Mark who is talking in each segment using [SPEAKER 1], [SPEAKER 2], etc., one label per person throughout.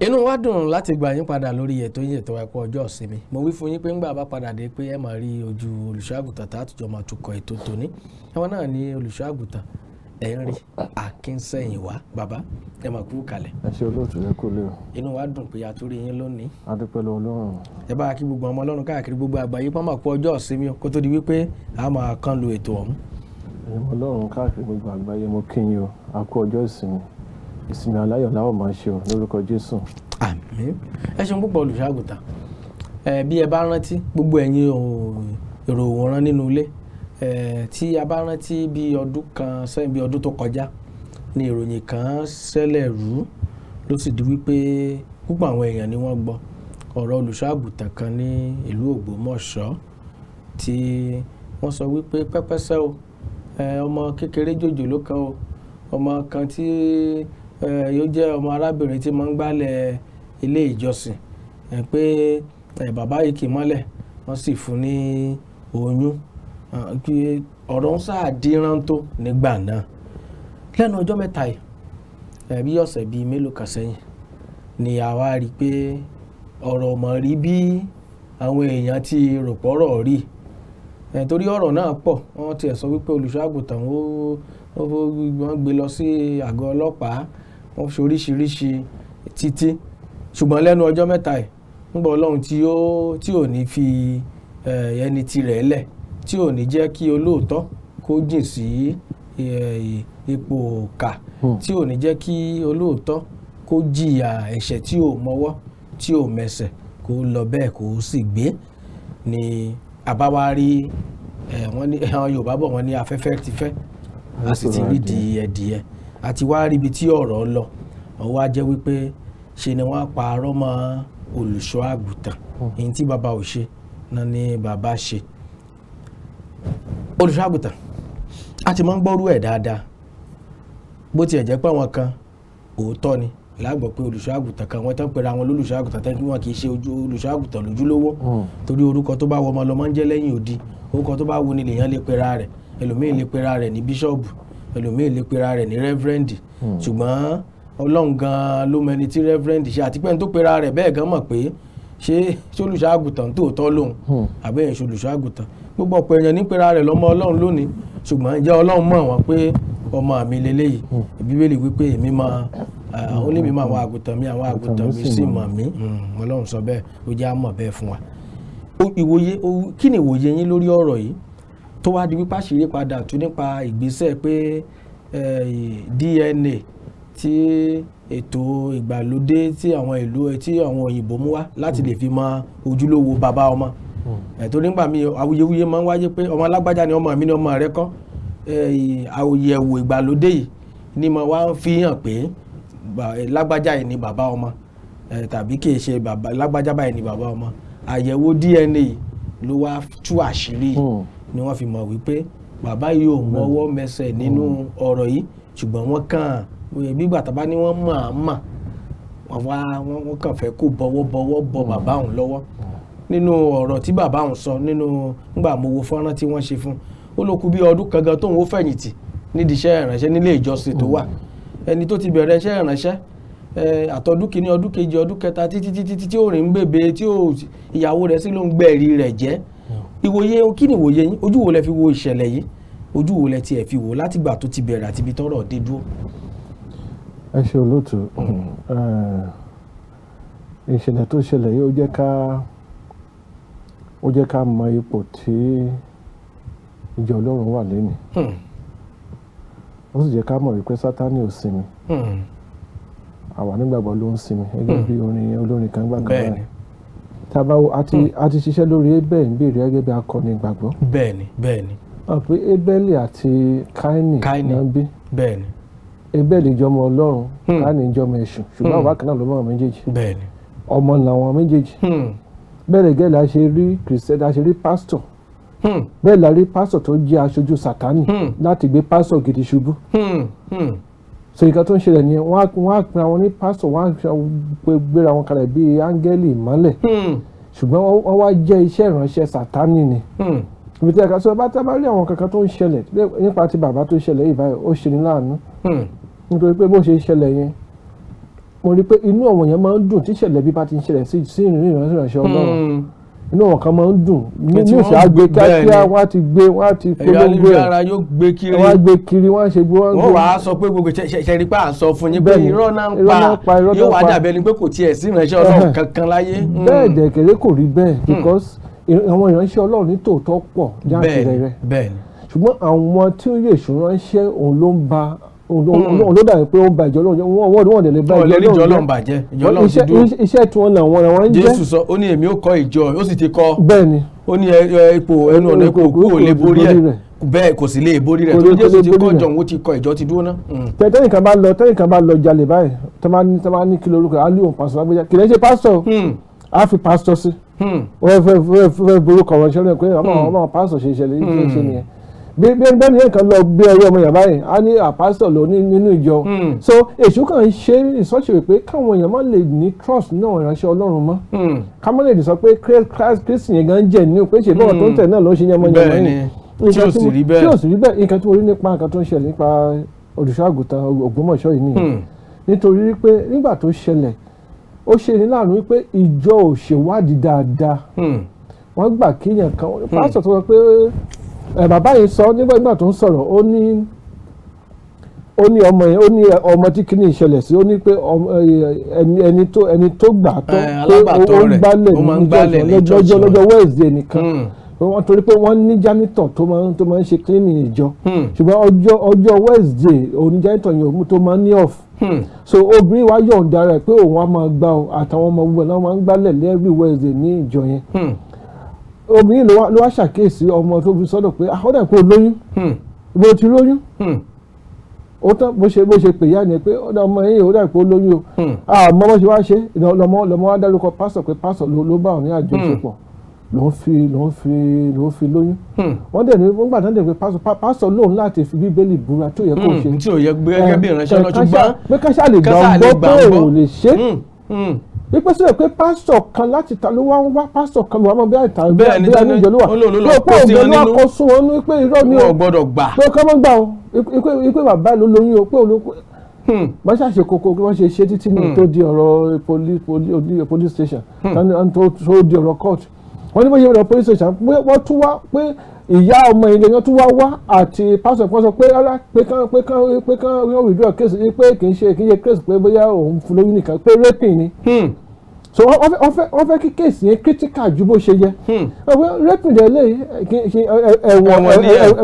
[SPEAKER 1] inú wa dùn láti gbà yín padà lórí ètò yín ètò ẹ̀kọ́ ọjọ́ ìsinmi mo wí fún yín pé ńgbà bá padà dé pé ẹ máa rí ojú olùṣọ́àgùtàn tá àtijọ́ máa tukọ̀ ètò tòní ẹwọn náà ní olùṣọ́àgùtàn ẹ̀rí akínsẹ̀yìn wá bàbá ẹ máa kú kalẹ̀.
[SPEAKER 2] ẹ ṣe olóòtú ẹ kò lè.
[SPEAKER 1] inú wa dùn pé a tún rí yín lónìí. a dúpẹ́ lọ ọlọ́run. ẹ bá a kí gbogbo ọmọ ọlọ́run káàkiri gbogbo àgbáyé pọ́n máa kú ọjọ́ ìsinmi kó tó di wípé a máa kán lu ètò ọ̀hún. ẹ̀yin ọlọ́run káàkiri
[SPEAKER 2] gbogbo àgbáyé mo kí yín o a kú ọjọ́ ìsinmi ìsinmi aláyọ̀ làwọn máa ṣe o lórúkọ jésù.
[SPEAKER 1] àmín ẹ ṣeun púpọ̀ olùṣàgùtà bí ẹ bá rántí gbogbo ẹ̀yin èrò òwòrán nínú ilé tí a bá rántí bí ọdún kan sẹ́yìn bí ọdún tó kọjá ni ìròyìn kan ṣẹlẹ̀ rú ló sì di wípé púpọ̀ àwọn èèyàn ni wọ́n gbọ́ ọ̀rọ̀ olùṣàgùtàn kan ní ìlú Ògbómọ̀ṣọ́ tí wọ́n sọ wípé pẹ́pẹ́sẹ́ o ọmọ kékeré jòjòló kan o ọmọ kan Tí yóò jẹ́ ọmọ arábìnrin tí máa ń gbálẹ̀ ilé ìjọsìn pé bàbá yìí kì í mọ́lẹ̀ wọ́n sì fún ní oyún ọ̀rọ̀ ń sáà díran tó nígbà náà lẹ́nu ọjọ́ mẹ́ta yìí ẹ̀bí ọ̀sẹ̀ bíi mélòó kan sẹ́yìn ni àwa rí i pé ọ̀rọ̀ mọ̀ rí bí àwọn èèyàn ti rò rí torí ọ̀rọ̀ náà pọ̀ wọ́n tiẹ̀ sọ wípé olùṣọ́ àgùntàn ó gbé lọ sí àgọ́ ọlọ́pàá wọ́n fi oríṣiríṣi títí ṣùgbọ́n lẹ́nu ọjọ́ mẹ́ta yìí ń bọ̀ ọlọ́run tí ó tí ò ní fi ẹni tirẹ̀ lẹ̀ tí ò ní jẹ́ kí olóòótọ́ kó jìn sí ipò kà hmm. tí ò ní jẹ́ kí olóòótọ́ kó jìyà ẹ̀ṣẹ̀ tí ò mọwọ́ tí ò mẹsẹ̀ kó lọ bẹ́ẹ̀ kó sì gbé ni àbáwá rí wọn ní àwọn Yorùbá bọ̀ wọ́n ní afẹ́fẹ́ ti fẹ́ a sì ti rí di ẹdìyẹ àti wá ríbi tí ọ̀rọ̀ lọ ó wá jẹ́ wípé ṣe ni wọ́n parọ́ mọ́ olùṣọ́ àgùntàn èyí hmm. tí bàbá ò ṣe náà ni bàbá ṣe olùṣọ́ àgùntàn a ti máa ń gbọ́rú ẹ̀ dáadáa bó tiẹ̀ jẹ́ pé àwọn kan òótọ́ ni lágbọ̀ pé olùṣọ́ àgùntàn kan wọ́n tán pera wọn lólùṣọ́ àgùntàn tán kí wọ́n kì í ṣe olùṣọ́ àgùntàn lójúlówó hmm. torí orúkọ tó bá wọ ọmọ lọ́mọ ń jẹ́ lẹ́yìn òdi orúkọ tó bá wù ni lèèyàn lè pera rẹ̀ ẹlòmíín lè pera rẹ̀ ní bíṣọ́ọ̀bù ẹlòmíì lè pera rẹ̀ ní rẹ́fúrẹ́ǹdì hmm. ṣùgbọ́n ọlọ́run gan-an ló mẹni tí rẹ́fúrẹ́ǹdì ṣe àti pẹ́ni tó pera rẹ̀ bẹ́ẹ̀ gan mọ̀ pé ṣé ṣolùṣàgùtàn tòótọ́ lòun hmm. àbẹ́yẹn ṣolùṣàgùtàn gbogbo ọ̀pọ̀ èèyàn ní pera rẹ̀ lọ́mọ ọlọ́run lónìí ṣùgbọ́n ǹjẹ́ ọlọ́run mọ̀ wọ́n pé ọmọ mi leléyìí hmm. bíbélì wípé èmi máa ó ní mi máa àwọn àgùntàn mi àwọn àgùntàn mi sì mọ̀ mí ọlọ́run sọ bẹ́ẹ̀ ó jẹ́ àmọ̀ bẹ́ẹ̀ fún wa. ìwòye kí ni ìwòye yín lórí ọ̀rọ̀ yìí tó wá di wípé àṣírí padà tú nípa ìgbésẹ̀ pé DNA tí ètò ìgbàlódé tí àwọn ìlú tí àwọn òyìnbó mú wá láti lè fi mọ ojúlówó bàbá ọmọ hmm. ẹ̀tọ́ nígbà mi awuyewuye máa ń wáyé pé ọmọ alágbájá ni ọmọ mi ni ọmọ rẹ kọ́ àwòyẹ̀wò ìgbàlódé yìí ni mo wá ń fi hàn pé lágbájá yìí ni bàbá ọmọ tàbí kì í ṣe lágbájá báyìí ni bàbá ọmọ àyẹ̀wò DNA ló wá tú àṣírí ni wọ́n fi mọ̀ wípé bàbá yìí ò mọ́wọ́ mẹsẹ̀ nínú ọ̀rọ̀ yìí ṣùgbọ́n wọ́n kàn gbígbà tàbá ni wọ́n mọ̀ á mà wọ́n wá wọ́n kàn fẹ́ kó bọ́wọ́bọ́wọ́ bọ bàbá òun lọ́wọ́ nínú ọ̀rọ̀ tí bàbá òun sọ nínú ngbà mo wo fọ́nrán tí wọ́n ṣe fún ó ló kù bí ọdún kan gan tóun ó fẹ̀yìntì nídìí iṣẹ́ ìrànṣẹ́ nílé ìjọsìn tó wà ẹni tó ti bẹ̀rẹ̀ iṣẹ́ ìrànṣẹ́ àtọ̀dún kìíní ọdún kejì ọdún kẹta títí títí tí ó rìn ń bèbè tí ìyàwó rẹ̀ sì ló ń gbẹ̀rí rẹ̀ jẹ́ ìwòye kí ni ìwòye yín ojú wo lẹ fi wo ìṣẹ̀lẹ̀ yìí ojú wo lẹ tiẹ̀ fi wò látìgbà tó ti bẹ̀rẹ̀ àti ibi tọ́rọ̀ dé dúró.
[SPEAKER 2] ẹ ṣe olóòtú ìṣẹ̀lẹ̀ tó ṣẹlẹ̀ yìí ó jẹ́ ká ó jẹ́ ká mọ ipò tí ìjọ Ọlọ́run wà lẹ́nu hmm. ó sì jẹ́ ká mọ̀ wípé Sátánì ò sinmi hmm. àwa nígbàgbọ́ ló ń sinmi gẹ́gẹ́ hmm. bí orin olórin kan gbàgbọ́ báyìí tabawo ati hmm. ati ṣiṣẹ́ lórí ebel ń béèrè gẹ́gẹ́ bí akọni ìgbàgbọ́.
[SPEAKER 1] bẹ́ẹ̀ni bẹ́ẹ̀ni.
[SPEAKER 2] wọn pe àti kaini náà bí. bẹ́ẹ̀ni. jọmọ Ọlọ́run hmm. kaini jọmọ èṣù ṣùgbọ́n hmm. àwọn akẹ́nà ló mọ̀ àwọn méjèèjì. bẹ́ẹ̀ni. ọmọ làwọn méjèèjì. bẹ́ẹ̀ gẹ́gẹ́ la ṣe rí kìrìsìtẹ́nì la ṣe rí pásítọ̀. bẹ́ẹ̀ la rí pásítọ̀ tó jẹ́ aṣojú sàtánì láti gbé pásítọ̀ gidi ṣubú so nǹkan tó ń ṣẹlẹ̀ ni wọ́n á pin àwọn ní pásítọ̀ wọ́n á gbéra wọn kalẹ̀ bíi áńgẹ́lì ìmọ́lẹ̀ ṣùgbọ́n wọ́n wá jẹ́ iṣẹ́ ìránṣẹ́ sátánì ni ibi tí ẹ̀ka sọ bá tá a bá rí àwọn kankan tó ń ṣẹlẹ̀ nípa ti bàbá tó ṣẹlẹ̀ yìí báyìí ó ṣe ní láàánú nítorí pé bó ṣe ṣẹlẹ̀ yẹn mo rí i pé inú àwọn èèyàn máa ń dùn tí ìṣẹ̀lẹ̀ bí bá ti ń ṣẹlẹ̀ sí ìrìn ìránṣẹ́ ọlọ́run inú wọn kan máa ń dùn ní ìṣàgbé kíákíá wọn á ti gbé wọn á ti polongo ẹ wọn
[SPEAKER 1] á gbé kiri wọn á ṣe gbé wọn gbé. wọn wàá sọ pé gbogbo ṣẹṣẹrí pa à ń sọ fún yín pé irọ́ náà ń pa yóò wá dàbí ẹni pé kò tiẹ̀ sí ìránṣẹ́ ọlọ́run kankan láyé. Hmm. bẹ́ẹ̀
[SPEAKER 2] dẹ̀kẹ̀rẹ́ kò rí bẹ́ẹ̀ hmm. because àwọn ìránṣẹ́ ọlọ́run ní tòótọ́ pọ̀ jáde rẹ̀ ṣùgbọ́n àwọn tí ó yè ìṣúná o hmm. ló dàbí pé ó ba ìjọ lóhùn wọn wọn wọn lè ba ìjọ lóhùn jẹ́ ìjọ lóhùn ti dúró iṣẹ́ tí wọn náà wọn náà wọn ń jẹ́ Jésù sọ
[SPEAKER 1] ó ní èmi ó kọ́ ìjọ ó sì ti kọ́ bẹ́ẹ̀ni ó ní ipò ẹnu ọ̀nà ipò kú ò lè borí ẹ̀ bẹ́ẹ̀ kò sì lè borí rẹ̀ tó Jésù ti kọ́ ìjọ òun ti kọ́ ìjọ ti dúró náà. Hmm.
[SPEAKER 2] tẹ́tẹ́nì kan bá lọ tẹ́tẹ́nì kan bá lọ jalè báyìí tó máa ní kí lorúkọ á lóhùn pásítọ̀ lágbèjà kì í ṣe pásítọ̀ hmm. á fi pásítọ̀ sí. wọ́n fẹ́ borúkọ wọn ṣẹlẹ̀ pé ọmọ pásítọ̀ ṣe ṣẹlẹ̀ ṣe nìyẹn bí bẹ́ẹ̀ ni nǹkan lọ gbé ọwọ́ ọmọ yàrá yẹn a ní àpásítọ̀ ló ní nínú ìjọ hmm. so èṣù kan ṣe ìsọ́ọ̀ṣì rẹ̀ pé káwọn èèyàn má lè ní trust náà ìránṣẹ́ ọlọ́run mọ́ hmm. ká má lè sọ pé kristi yẹn gan jẹ̀ ní pé ṣe bọ́ọ̀ tó ń tẹ̀ hmm. náà ló ń ṣe yẹn mọ́ yẹn mọ́ yẹn tí ò sì rí bẹ́ẹ̀ tí ò sì rí bẹ́ẹ̀ nǹkan tí mo rí nípa nǹkan tó ń ṣẹlẹ̀ nípa olùṣọ́ àgùntàn ògbómọ̀ṣọ́ yìí nìyẹn nítorí wípé nígbà tó ṣẹlẹ̀ ó ṣe ní láàánú wípé ìjọ ò ṣèwádìí dáadáa wọ́n gbà kéèyàn kan pásítọ̀ tó sọ pé bàbá yìí sọ nígbàgbà tó ń sọ̀rọ̀ ó ní ó ní ọmọ yẹn ó ní ọmọ tí kìíní ìṣẹ̀lẹ̀ sí ó ní pé ẹni tó ẹni tó gbà tó pé ó ń gbálẹ̀ lọ́jọ́ lọ́jọ́ Wednesday nìkan hmm. wọ́n torí pé wọ́n ní jánítọ̀ tó máa ń tó máa ń ṣe cleaning ìjọ hmm. ṣùgbọ́n ọjọ́ ọjọ́ Wednesday òní jánítọ̀ yẹn òun tó máa ń ní off hmm. so obìnrin wa yọ̀ǹda rẹ̀ pé òun á máa gbá o àtàwọn ọmọ gbogbo náà máa ń gbálẹ̀ lẹ́ẹ̀rí Wednesday ní ìjọ yẹn obìnrin ló wá ṣàkíyèsí ọmọ tó fi sọ́dọ̀ pé ah, ó dẹ̀ kó lóyún bó hmm. ti lóyún hmm. ó tán bó ṣe bó ṣe pè yá ni pé ọmọ yìí ó dẹ̀ kó lóyún o àmọ́ hmm. ah, bó ṣe wá ṣe lọ́mọ lọ́mọ wá dárúkọ pásọ̀ pé pásọ̀ ló bá òun ní àjọṣepọ̀ ló ń fi ló ń fi ló ń fi lóyún. wọ́n dẹ̀ ní wọ́n gbàdán dẹ̀ pé pásọ pásọ lóun láti fi bíbélì búra tó yẹ kó ṣe.
[SPEAKER 1] tí ò yẹ gbé gẹ́gẹ́ bí ìránṣẹ́ lọ́tún gbá.
[SPEAKER 2] Hmm. wípé sílẹ̀ pé pásítọ̀ kan láti ta ló wá ń wá pásítọ̀ kan ló wá mọ bí àìta bí àìní ìjọ ló wà ló pé òun ló kó sún wọn wípé irọ́ mi ò gbọ́dọ̀ gbà pé kọ́ mọ́ gbà o wípé bàbá ló lóyún o pé olóko wọ́n hmm. ṣàṣe kókó kí wọ́n ṣe ṣe títí ní hmm. tó di ọ̀rọ̀ police station tó di ọ̀rọ̀ court wọ́n ní bó ṣe lọ police station pé wọ́n tún wá pé ìyá ọmọ ilé wọn tún wá wá àti pásítọ̀ kan sọ pé rárá pé kán pé kán pé kán wọ́n withdraw case pé kì í ṣe kì í ṣe case pé bóyá òun fún lóyún nìkan pé raping ni so wọ́n fẹ́ wọ́n fẹ́ kí kéèsì yẹn critical ju bó ṣe yẹ ọ̀pẹ raping dẹ̀ lé ẹ̀wọ̀n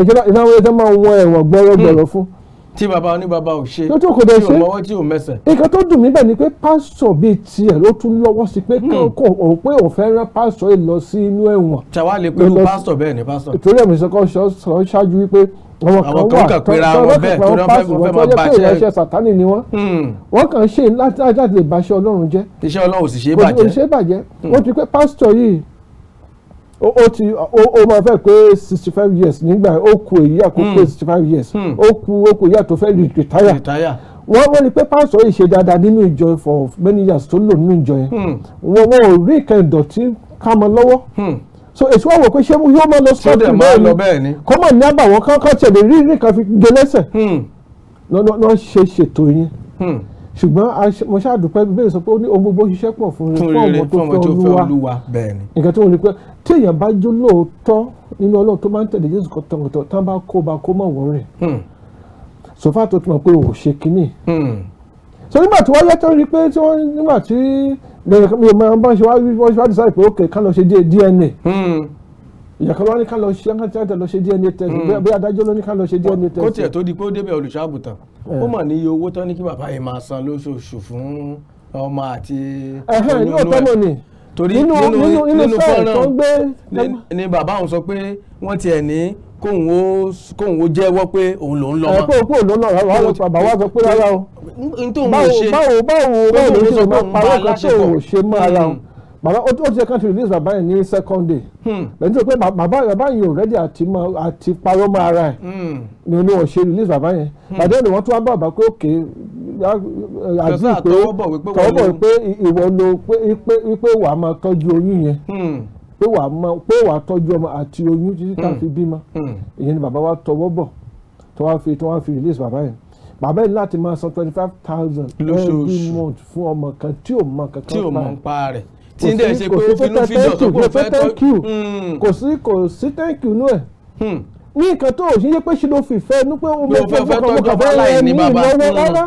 [SPEAKER 2] ẹ̀jọba ìnáwó ẹ̀jọba máa ń wọ ẹ̀wọ̀n gbọ́rọ̀gbọ̀rọ̀ fún
[SPEAKER 1] tí bàbá oníbàbá ò ṣe tí ò mọwọ́ tí ò mẹsẹ̀.
[SPEAKER 2] nǹkan tó dùn mí bẹ́ẹ̀ ni pé pásítọ̀ bíi tiẹ̀ ló tún lọ́wọ́ sí pé kò hmm. ò pé ò fẹ́ rán pásítọ̀ yìí lọ sí inú ẹ̀wọ̀n.
[SPEAKER 1] tàwa lè pé irú pásítọ̀ bẹ́ẹ̀ ni pásítọ̀.
[SPEAKER 2] ìtòrí ẹ̀mí sọ kan sọ ṣáájú wípé àwọn kan wà tó tó bẹ́ẹ̀ tó náà fẹ́ fẹ́ máa bàjẹ́. wọ́n jẹ́ pé sàtánì ni wọ́n. Hmm. wọ́n kàn ṣe láti lè bàṣẹ Ọlọ́run jẹ́. iṣẹ́ Ọlọ́run ò sì ṣe é bàjẹ́. Hmm ó ti ó máa fẹ́ pé sixty five years nígbà ó ku èyí àkókò hmm. sixty five years hmm. ó ku ó ku ìyá tó fẹ́ retire wọ́n wọ́n ní pé pásọ̀ yìí ṣe dáadáa nínú ìjọ for many years tó lò nínú ìjọ yẹn hmm. wọ́n wọ́n ò rí ìkan ìdọ̀tí ká mọ́ lọ́wọ́ so èso àwọn pé ṣé yóò máa lọ sọ́ọ̀tì bẹ́ẹ̀ ni kọ́mọ̀ ní àbàwọ́n kankan tẹ̀lé rí rí kan fi gbé lẹ́sẹ̀ lọ́nà ṣe ṣètò yẹn ṣùgbọ́n mo ṣàdúpẹ́ bíbélì sọ pé ó ní ohun gbogbo ṣiṣẹ́ pọ̀ fún rere fún ọmọ tó fẹ́ olúwa bẹ́ẹ̀ni. nǹkan tó ń rí pé tí èèyàn bá jó lóòótọ́ nínú ọlọ́run tó máa ń tẹ̀lé jésù kan tọ̀tọ̀ tá bá kó ba kó mọ̀ wọ́n rẹ̀ hmm. sọfá tó ti mọ̀ pé ò ṣe kínní. Hmm. sọ nígbà tí wọ́n yẹ tó rí pé tí wọ́n nígbà tí mi ò máa bá ṣe wọ́n ṣe wá decide pé okay ká lọ ṣe DNA hmm. ìyàkọ́ ló ní ká lọ ṣe DNA test bí adájọ́ ló ní ká lọ ṣe DNA test. kó tiẹ̀
[SPEAKER 1] tó di pé ó débẹ̀ olùṣọ́ àgùntàn ó eh. mọ̀ níye owó tán ní kí bàbá yìí máa san lóṣooṣù fún ọmọ àti onínú ẹ̀
[SPEAKER 2] torí nínú fọ́nrán
[SPEAKER 1] ni bàbá òun sọ pé wọ́n tiẹ̀ ní kóhun ó kóhun ó jẹ́wọ́ pé òun lòún lọ́mọ. ẹ pé òun ló lọ rárá o bàbá wa sọ pé rárá o. n tó ń ṣe báwo báwo báwo ló ń ṣe máa parọ́ kan tó ò ṣe mọ́ ara hmm.
[SPEAKER 2] o bàbá ó ti yẹ kán ti release bàbá yẹn ní second day hmm. lẹ́yìn tó pé bàbá bàbá yẹn ò ready àti máa àti parọ́ mọ́ ara ẹ̀ hmm. ni ni wọ́n ṣe release bàbá yẹn bàbá yẹn ni wọ́n tún wá bá bàbá pé òkè àbí eh, pé tọwọ́bọ̀ pé ìwọ ló pé wà á máa tọ́jú oyún yẹn hmm. pé wà á tọ́jú ọmọ àti oyún títí tá a fi bímọ ìyẹn ni bàbá wa tọwọ́ bọ̀ tó wá fi tó wá fi release bàbá yẹn bàbá yìí láti máa san twenty five thousand every month fún ọmọ kan tí ò mọ kankan
[SPEAKER 1] pa rẹ̀ tí ń dẹ̀ ṣe pé ó finú fíjọ tó kò fẹ́ thank you
[SPEAKER 2] hmm. kò sí kò sí thank you nú ẹ̀ hmm. ní nǹkan tó ò ṣe pé ṣe ló fi fẹ́ ní pé ó mẹ́fẹ́ fọkànfọkàn fọlá ẹ̀ ní ìnáwó rárá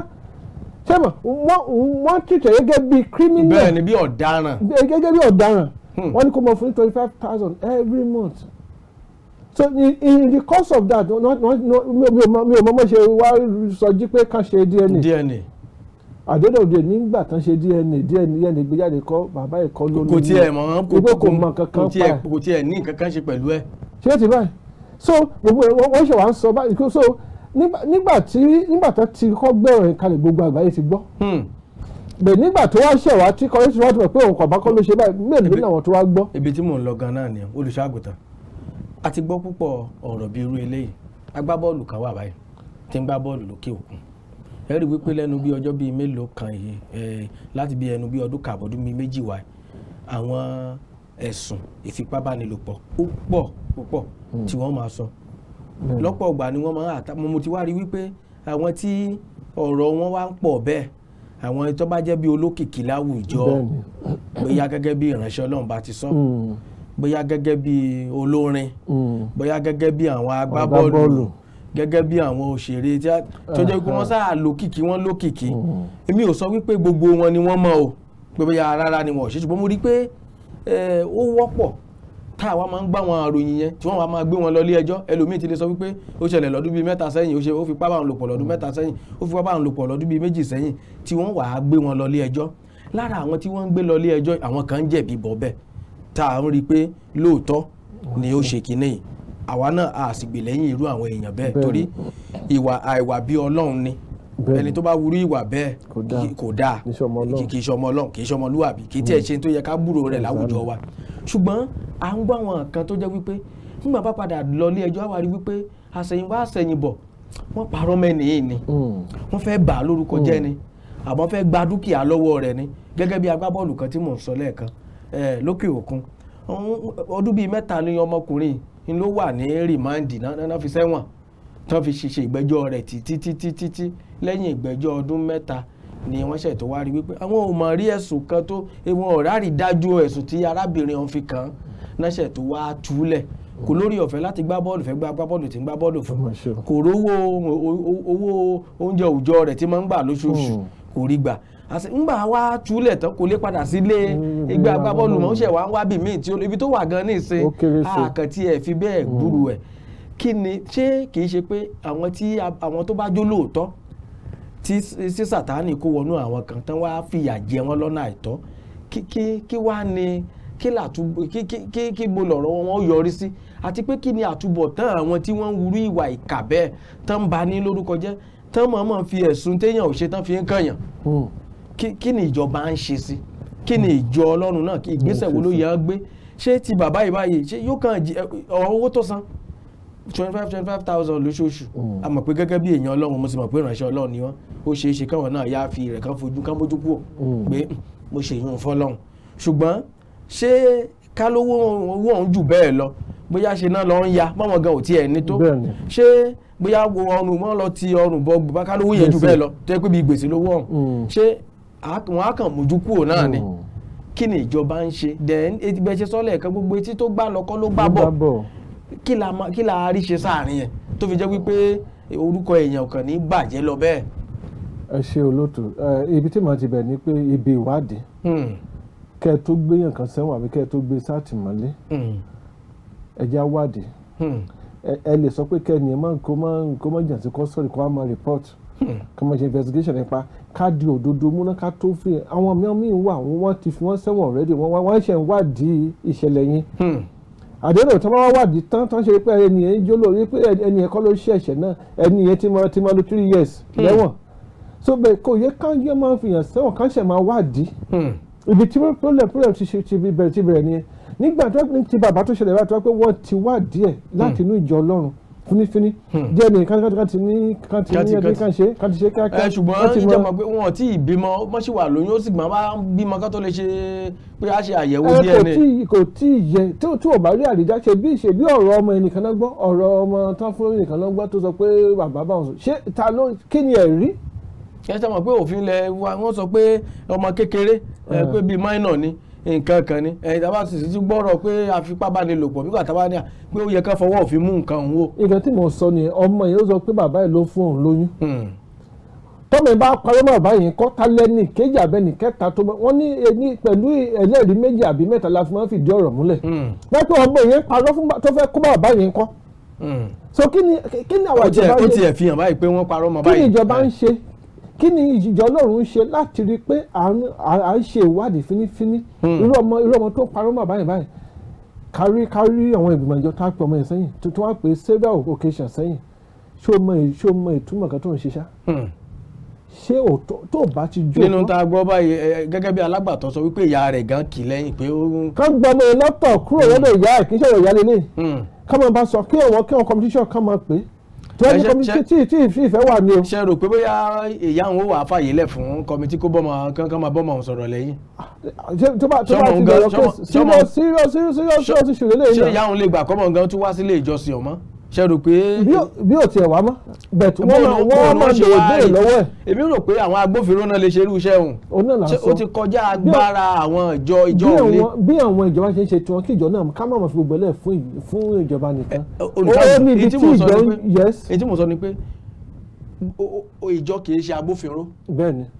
[SPEAKER 2] sẹ́mọ̀ wọ́n tìtẹ̀ gẹ́gẹ́ bí criminal bẹ́ẹ̀ ni bí ọ̀daràn gẹ́gẹ́ bí ọ̀daràn hmm. wọ́n ní kó mọ fún twenty five thousand every month so in, in the course of that mi ò mọ̀ mọ̀ ṣe wá sọjí pé kàn ṣe DNA. DNA àdédòde nígbà tán ṣe DNA DNA gbéjáde kọ bàbá ìkọ ló lóyún kò tiẹ̀ mọ̀ kò kò mọ̀ kankan pa ẹ̀
[SPEAKER 1] kò tiẹ̀ ní kankan ṣe pẹ̀lú ẹ̀.
[SPEAKER 2] ṣé o ti báyìí so gbogbo wọn ṣe wàá ń sọ báyìí so nígbà tí nígbà tán ti kọ́ gbẹ̀rọ̀ yẹn gbogbo àgbáyé ti gbọ́ hmm. bẹ́ẹ̀ nígbà tó wá ṣẹ̀ wá tí
[SPEAKER 1] kọ́lẹ́sì wá ti pé òun kọ̀ bá ló ṣe báyìí mélòó làwọn tó wá gbọ́. ibi tí mò ń lọ ganan ni olùṣọ́àgùtàn a ti gbọ́ púpọ̀ ọ̀rọ̀ bíi irú eléyìí agbábọ́ọ̀lù kan wà báyìí tí ń gbá bọ́ọ̀lù lókè òkun ẹ rí wípé lẹ́nu bí ọjọ́ bíi mélòó kan yìí láti bí ẹnu bí ọdún kàbọ̀dún mi méjì wá àwọn ẹ̀sùn ìfipábánilòpọ̀ ó pọ̀ púpọ̀ hmm. tí wọ́n máa sọ hmm. lọ́pọ̀ ọgbà ni wọ́n máa àtà mo ti wá rí wípé àwọn tí ọ̀rọ̀ wọn wá ń pọ̀ bẹ́ẹ̀ àwọn tó bá jẹ́ bí olókìkí láwùjọ bóyá gẹ́gẹ́ bí ìránṣẹ́ Ọlọ́run bá ti sọ hmm. bóyá gẹ́gẹ́ bí olórin bóyá gẹ́gẹ́ bí àwọn agbábọ́ọ̀lù gẹ́gẹ́ bí àwọn òṣèré tí ó jẹ́ pé wọ́n sáà lókìkí wọ́n lókìkí mm-hmm. èmi ò sọ wípé gbogbo wọn ni wọ́n mọ̀ o pé bóyá rárá ni wọ́n ò ṣe ṣùgbọ́n mo rí i pé ó wọ́pọ̀ tá àwa máa ń gbá wọn àròyìn yẹn tí wọ́n wá máa gbé wọn lọ ilé ẹjọ́ ẹlòmíì ti lè sọ wípé ó ṣẹlẹ̀ lọ́dún bíi mẹ́ta sẹ́yìn ó ṣe ó fipá bá wọn lò pọ̀ lọ́dún mẹ́ta sẹ́yìn ó fipá bá wọn lò pọ̀ lọ́dún bíi méjì sẹ́yìn tí wọ́n wàá gbé wọn lọ ilé ẹjọ́ lára àwọn tí wọ́n ń gbé lọ ilé ẹjọ́ àwọn kan ń jẹ̀bi bọ́ bẹ́ẹ̀ tá à ń rí i pé lóòótọ́ ni ó ṣe kinní yìí àwa náà a sì gbè lẹ́yìn irú àwọn èèyàn bẹ́ẹ̀ torí ìwà àìwà bíi ọlọ́run ni ẹni tó bá wúrú ìwà bẹ́ẹ̀ kò dáa kì í ṣọmọ ọlọ́run kì í ṣọmọ olúwàbí kì í tiẹ̀ mm. ṣe tó yẹ ká gbúrò rẹ̀ láwùjọ wa ṣùgbọ́n à ń gbọ́ àwọn nǹkan tó jẹ́ wípé nígbà bá padà lọ ilé ẹjọ́ àwárí wípé àṣẹ̀yìnwá àṣẹ̀yìnbọ̀ wọ́n parọ́ mẹ́ni ni mm. wọ́n fẹ́ bà á lórúkọ jẹ́ mm. ni àmọ́ fẹ́ gba dúkìá lọ́wọ́ rẹ̀ ni gẹ́gẹ́ bí agbábọ́ọ̀lù kan tí mò ń sọ lẹ́ẹ̀kan lókè òkun ọdún bíi mẹ́ta ni ọmọkùnrin ń ló wà ní rìmáǹdì náà fi sẹ́wọ̀n tán fi ṣe ìgbẹ́jọ́ rẹ̀ títí títí títí lẹ́yìn ìgbẹ́jọ́ ọdún mẹ́ta ni wọ́n ṣẹ̀ tó wá rí wípé àwọn ò mọ̀ rí ẹ̀sùn kan tó ìwọ̀n ọ̀rá rí dájú ẹ̀sùn tí arábìnrin ọ̀hún fi kàn án náà ṣẹ̀ tó wá túlẹ̀ kò lórí ọ̀fẹ́ láti gbá bọ́ọ̀lù fẹ́ gbá bọ́ọ̀lù tí ń gbá bọ́ọ̀lù fún kò rówó owó oúnjẹ òòjọ́ rẹ̀ tí máa ń gbà lóṣooṣù hmm. kò rí gbà àti ńgbà wá túlẹ̀ tán kò lè padà sílé mm, mm, ìgbà mm, agbábọ́ọ̀lù mọ́ ó ṣẹ̀ wá ń wábì míì tí ibi tó wà gan ní ìsìn àkàntì ẹ̀ fi bẹ́ẹ̀ gbúrú ẹ̀ kí ni ṣé kì í ṣe pé àwọn tí àwọn tó bá jó lóòótọ́ tí sí sàtáàní kó wọnú àwọn kan tán wá fìyà jẹ wọn lọ́nà àìtọ́ kí wá ni kí làtúbọ̀ kí kí kí lọ̀rọ̀ wọn yọrí sí àti pé kí ni àtúbọ̀tán àwọn tí wọ́n ń wúrú ìwà ìkà bẹ́ẹ̀ tán ń bà ní lórúkọ jẹ́ tán mọ̀ọ́mọ̀ fi ẹ̀sùn téèyàn ò ṣe tán fi ń kànyàn kí ni ìjọba ń ṣe sí kí ni ìjọ ọlọ́run náà kí ìgbésẹ̀ wo ló yẹ ọ́ gbé ṣé ti bàbá yìí báyìí ṣé yóò kàn owó tó san twenty five twenty five thousand lóṣooṣù hmm. a mọ̀ pé gẹ́gẹ́ bí èèyàn ọlọ́run mo sì mọ̀ pé ìránṣẹ́ ọlọ́run ni wọ́n ó ṣe é ṣe káwọn náà yá fi rẹ̀ kán fojú kán mójú kúrò hmm. pé hmm, mo ṣe ìyún fọlọ́run ṣùgbọ́n ṣé ká lówó owó ọ̀hún jù bẹ́ẹ̀ lọ bóyá ṣe náà lọ ń ya báwọn gan ò tiẹ̀ ní tó ṣé bóyá wo ọrùn mọ́ lọ ti ọrùn bọ́ gbọ́ ká lówó yẹn jù bẹ́ẹ̀ lọ tó yẹ pé bí gbèsè lówó ọ̀hún ṣé wọ́n á kàn mójú kúrò náà ni hmm. kí ni ìjọba ń ṣe then etí bẹ́ẹ̀ ṣe sọ́lẹ̀ kan gbogbo etí tó gbà lọ́kọ́ ló gbà bọ̀ kí la rí ṣe sáàrin yẹn tó fi jẹ́ wípé orúkọ èèyàn kan ní bàjẹ́ lọ bẹ́ẹ̀.
[SPEAKER 2] ẹ ṣe olóòtú ibi tí màá ti bẹ̀ ni pé ibi ìwádìí hmm. kẹ́ ẹ tó gbé yàn kan sẹ́wọ̀n àbí kẹ́ ẹ tó gbé sátìmọ́lé hmm. ẹ jẹ́ ẹ lè sọ pé kẹ́ ẹ ní ẹ má kó má jàn sí kọ́sọ́rì kó má report. Mm kọ́mọ ṣe investigation nípa ká di òdodo múná ká tó fi àwọn mìíràn míì wà wọ́n ti fi wọ́n sẹ́wọ̀n rẹ́dì wọ́n wọ́n ṣe ń wádìí ìṣẹ̀lẹ̀ yín àdéhùn hmm. tí wọ́n wá wádìí tán tán ṣe pé ẹni yẹn jó lórí pé ẹni yẹn kọ́ ló ṣe ẹ̀ṣẹ̀ náà ẹni yẹn ti máa ti máa lò three years hmm. lẹ́wọ̀n so bẹ́ẹ̀ kò yẹ ká yẹ máa fi hàn sẹ́wọ̀n ká ṣẹ̀ máa wádìí hmm. ibi tí problem problem ti ṣe ti bẹ̀rẹ̀ ti bẹ̀rẹ̀ nìyẹn nígbà tó ti bàbá tó ṣẹlẹ̀ wá tó wá pé wọ́n ti wádìí ẹ̀ láti inú ìjọ Ọlọ́run fínífíní hmm. díẹ̀ ní kátikáti ní káti ní ẹbí kan ṣe káti ṣe kíákíá. Eh, ẹ ṣùgbọ́n ìjọba
[SPEAKER 1] pé wọn ti bímọ wọn wà lóyún ó sì gbọ́n bá bímọ kó lè ṣe pé a ṣe àyẹ̀wò DNA. Eh,
[SPEAKER 2] ẹ kò tí ì yẹ tí tí ò bá rí àrídá ṣe bí ṣe bí ọ̀rọ̀ ọmọ ẹnìkan náà gbọ́ ọ̀rọ̀ ọmọ tán fún ẹnìkan náà gbọ́ tó sọ pé bàbá bá wọn sọ ṣé ta ló kí
[SPEAKER 1] ni ẹ̀rí ẹ ṣe mọ̀ pé òfin ilẹ̀ nǹkan kan ni ẹ̀yìn tá a bá sì ti gbọ́rọ̀ pé afipábánilòpọ̀ bí bàtà bá ní à
[SPEAKER 2] pé ó yẹ ká fọwọ́ òfin mú nǹkan òun o. nǹkan tí mo sọ nìyẹn ọmọ yẹn ó sọ pé bàbá yìí ló fún òun lóyún hmm. tọ́mọ ẹ bá parọ́ mọ́ bàbá yẹn kọ́ talẹ́nì kejì abẹ́nì kẹta tó wọ́n ní ẹni pẹ̀lú ẹlẹ́rìí méjì àbí mẹ́ta la fi máa ń fìdí ọ̀rọ̀ múlẹ̀ hmm. pẹ́pẹ́ ọmọ hmm. so kí ni
[SPEAKER 1] kí ni àwọn ìjọba yẹn ó tiẹ̀ fi kí ni
[SPEAKER 2] ìjọba ń ṣe kí ni ìjìjà ọlọ́run ṣe láti rí i pé à ń ṣe ìwádìí fínífíní hmm. irú ọmọ irú ọmọ tó parọ́ mọ́ báyìí báyìí kárí kárí àwọn ìgbìmọ̀ ìjọ tá a pè ọmọ yẹn sẹ́yìn tó wá pé several occasions sẹ́yìn ṣé o mọ ṣé o mọ ìtumọ̀ kan tó ń ṣiṣá hmm. ṣé òótọ́ tó bá ti jó. nínú tá
[SPEAKER 1] a gbọ́ báyìí gẹ́gẹ́ bí alágbàtọ́ sọ wípé ìyá rẹ̀ gan kì lẹ́yìn pé ó. ká gbọ́ ọmọ yẹn lọ́tọ̀ kúrò hmm. lọ́dọ̀ ìyá ẹ̀ kì í ṣọ̀rọ̀ ìyá lélẹ̀
[SPEAKER 2] ká máa bá sọ kí ọ̀wọ́ kí wọn competition ká máa pè
[SPEAKER 1] tẹ́lí kọ́mítì
[SPEAKER 2] tí tí tí ìfẹ́ wà ní o. ṣe
[SPEAKER 1] rò pé bóyá ìyá àwọn ò wà fàyè lẹ̀ fún kọ́mítì kó bọ́mọ kankan máa bọ́mọ òun sọ̀rọ̀ lẹ́yìn. tó bá tó bá ti bẹ̀rẹ̀ kó serious serious
[SPEAKER 2] serious serious ṣùgbọ́n lè yàn. ṣé ìyá òun
[SPEAKER 1] lè gbà kọ́mọ̀ gan tún wá sílé ìjọsìn ọ̀mọ́ ṣe rò pé. bí ò tiẹ̀ wá mọ́ bẹ̀tù wọ́n máa wọ́n máa ṣe ìbéèrè lọ́wọ́ ẹ̀. èmi rò pé àwọn agbófinró náà lè ṣe irú iṣẹ́ òun. òun náà là ń sọ ó ti kọjá agbára àwọn ìjọ ìjọ òní.
[SPEAKER 2] bí àwọn ìjọba ṣe ń ṣe tiwọn kí ìjọ náà ká má máa fi gbẹlẹ fún
[SPEAKER 1] ìjọba nìkan. ó ní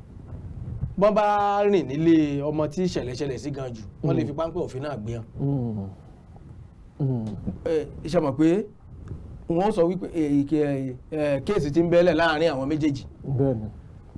[SPEAKER 1] bá rìn nílé ọmọ tí ìṣẹ̀lẹ̀ sí gan wọ́n lè mm. fi páńpẹ́ òfin náà gbé hàn.
[SPEAKER 2] Mm. Mm.
[SPEAKER 1] ṣe mọ̀ pé wọ́n sọ wípé eh, eh, kéèsì eh, ti ń bẹ́lẹ̀ láàrin àwọn méjèèjì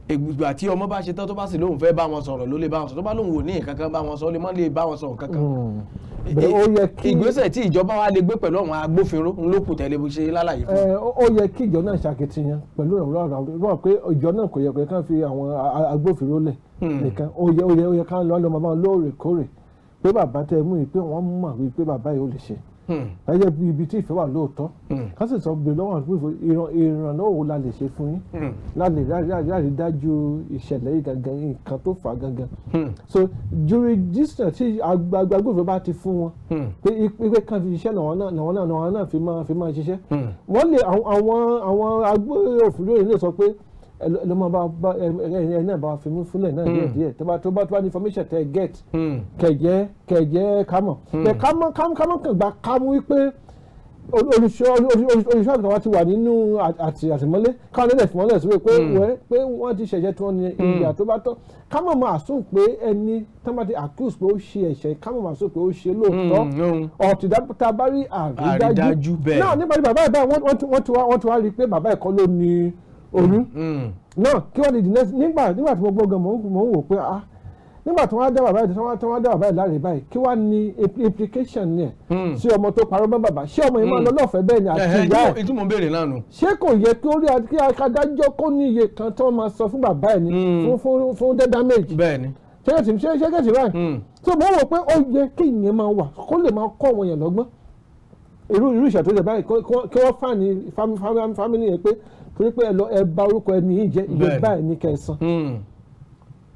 [SPEAKER 1] ìgbà tí ọmọ bá ṣe tán tó bá sì lóun fẹ́ bá wọn sọ̀rọ̀ ló lè bá wọn sọ̀rọ̀ tó bá lóun ò ní nǹkan kan bá wọn sọ lè má lè bá wọn sọ̀rọ̀ kankan. Hmm. ìgbésẹ̀ tí ìjọba wa lè gbé pẹ̀lú àwọn agbófinró ń lókun tẹ̀lé bó ṣe lálàyé
[SPEAKER 2] fún. ó yẹ kí ìjọ náà ṣàkitiyan pẹ̀lú ìrọ̀rọ̀ rọ̀ pé ìjọ náà kò yẹ pé kán fi àwọn agbófinró lẹ̀ hmm. nìkan ó yẹ ó yẹ kán lọ́ọ́ lọ́mọ bá wọn lóòrèkóòrè pé bàbá tẹ mú yìí pé wọ́n mọ̀ wípé bàbá yìí ó lè ṣe. Hmm. ẹ jẹ́ ibi tí ìfẹ́ wà lóòótọ́ hmm. ká sì sọ gbé lọ́wọ́ ìrànlọ́wọ́ wo la lè ṣe fún yín hmm. láti dájú ìṣẹ̀lẹ̀ yìí gangan nǹkan tó fà á gangan so jurisdiction tí agbágbófin bá ti fún wọn pé ipe kan fi ṣiṣẹ́ làwọn náà làwọn náà fi máa fi máa ṣiṣẹ́ wọ́n lè àwọn àwọn agbófin lóyè lè sọ pé ló máa bá bá ẹ náà bá fi mí fúnlẹ̀ náà díẹ̀ díẹ̀ tó bá tó bá tó bá ní information tẹ get kẹ̀jẹ́ kẹ̀jẹ́ kámọ̀ ẹ̀ kámọ̀ kámọ̀ kàn gba kámú wípé olùṣọ́ olùṣọ́ àgùntàn wa ti wà nínú àtìmọ́lé káwọn ẹlẹ́dẹ̀ fìmọ́lẹ̀ sí pé wẹ́ pé wọ́n ti ṣẹ̀ṣẹ̀ tí wọ́n ní ìyà tó bá tọ́ kámọ̀ máa assume pé ẹni tó bá ti accuse pé ó ṣe ẹ̀ṣẹ̀ kámọ̀ máa assume pé ó ṣe lóòótọ́ ọ̀tìdá bá rí àrídájú náà nípa bàbá ẹ̀ báyìí wọ́n ti wá rí i pé bàbá ẹ̀ kọ́ ló ní òru mm. náà kí wọ́n di the next nígbà nígbà tí mo gbọ́ gan mo ń wò pé ah nígbà tí wọ́n á dá bàbá yìí tí wọ́n á dá bàbá láre báyìí kí wọ́n á ní implication yẹn sí mm. ọmọ tó parọ́ mọ́ bàbá ṣé ọmọ yìí máa mm. lọ lọ́fẹ̀ẹ́ bẹ́ẹ̀ ni àti ìyá ẹ̀ ìtumọ̀ béèrè lánàá. ṣé kò yẹ kí ó rí kí adájọ́ kó ní iye kan tí máa sọ fún bàbá ẹ̀ ni fún fún dead damage torí pé ẹ lọ ẹ bà orúkọ ẹni yìí jẹ́ iye báyìí ní kẹsàn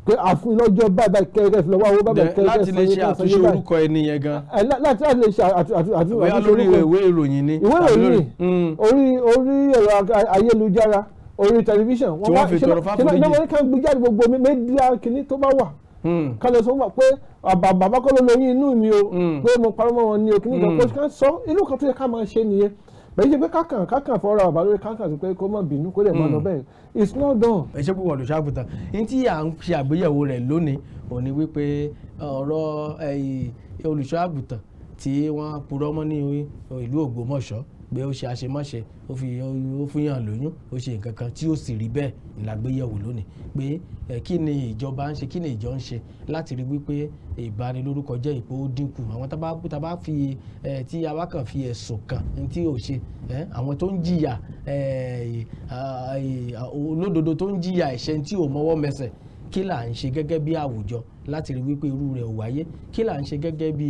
[SPEAKER 2] pé àfin lọ́jọ́ báyìí báyìí kẹ́kẹ́ fìlọ́wọ́ owó báyìí kẹ́kẹ́ láti lè ṣe àtúnṣe orúkọ ẹni yẹn gan. láti láti lè ṣe àtúnṣe orúkọ bóyá lórí ìwé ìròyìn ni. ìwé ìròyìn orí orí ẹ̀rọ ayélujára orí tẹlifíṣàn wọn wá ṣe náà wọn kàn gbé jáde gbogbo mẹ́díà kìíní tó bá wà kálẹ̀ sọ wà pé bàbá kọ́ ló lóyún inú mi o pé mo parọ́ mọ́ wọn ni o kìíní kan kó sọ inú kan tó yẹ ká máa
[SPEAKER 1] ṣe nìyẹn bẹ́ẹ̀ ṣe pé kákàn kákàn fọ́ra ọ̀bà lórí kákàn sí pé kó mọ̀ bínú kó lè mọ̀ lọ hmm. bẹ́ẹ̀ it's not done. ẹ ṣe púpọ̀ olùṣọ́ àgùntàn ní tí à ń ṣe àgbéyẹ̀wò rẹ̀ lónìí òní wípé eh, ọ̀rọ̀ eh, olùṣọ́ àgùntàn tí wọ́n purọ́ mọ́ ní ìlú Ògbómọ̀ṣọ́ pé ó ṣe àṣemáṣe ó fi ó fún yàn lóyún ó ṣe nǹkan kan tí ó sì rí bẹ́ẹ̀ ìlàgbéyẹ̀wò lónìí pé kí ni ìjọba ń ṣe kí ni ìjọ ń ṣe láti rí wípé ìbanilórúkọ jẹ́ ìpò ó dínkù àwọn tá a bá fi tí a bá fi ẹ̀sùn kàn tí ò ṣe àwọn tó ń jìyà olódodo tó ń jìyà ẹ̀ṣẹ̀ tí ò mọ́wọ́ mẹsẹ̀ kí là ń ṣe gẹ́gẹ́ bí àwùjọ láti rí wípé irú rẹ̀ ò wáyé kí là ń ṣe gẹ́gẹ́ bí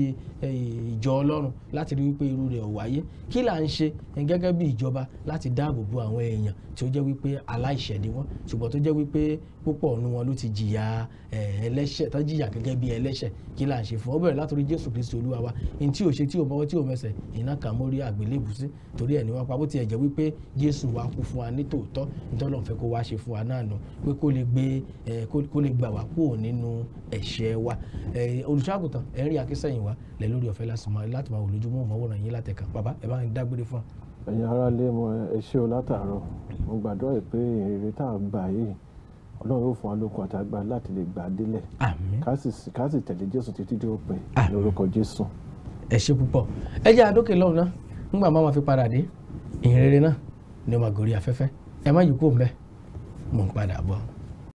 [SPEAKER 1] ìjọ ọlọ́run láti rí wípé irú rẹ̀ ò wáyé kí là ń ṣe gẹ́gẹ́ bí ìjọba láti dáàbò bo àwọn èèyàn tí ó jẹ́ wípé aláìṣẹ̀ ni wọ́n ṣùgbọ́n tó jẹ́ wípé púpọ̀ nu wọn ló ti jìyà ẹlẹ́ṣẹ̀ tó jìyà gẹ́gẹ́ bí ẹlẹ́ṣẹ̀ kí là ń ṣe fún ọ bẹ̀rẹ̀ látòrí jésù kristi olúwa wa ní ò ṣe tí ò mọ́wọ́ tí ò mẹsẹ̀ ẹ̀ṣẹ̀ wa olùṣọ́àgùtàn ẹ̀rí akínsẹ́yìn wa lẹ̀ lórí ọ̀fẹ́ láti máa wò lójúmọ́ ìmọ̀wòrán yín látẹ̀kàn bàbá ẹ bá ń dágbére fún wa.
[SPEAKER 2] ẹ̀yin ará lé mo ẹ ṣé o látàárọ̀ mo gbàdúrà pé ìrere tá a gbà yìí ọlọ́run yóò fún wa lókun àtàgbà láti lè gbà délẹ̀ ká sì tẹ̀lé
[SPEAKER 1] jésù títí dé òpin lórúkọ jésù. ẹ ṣé púpọ̀ ẹ jẹ́ àdókè lọ́hùn náà nígbà máa ma fi padà dé ìhìnrere náà ni ó máa gòrí afẹ́fẹ́ ẹ má yìí kú òun bẹ́ẹ̀ mò ń padà bọ̀.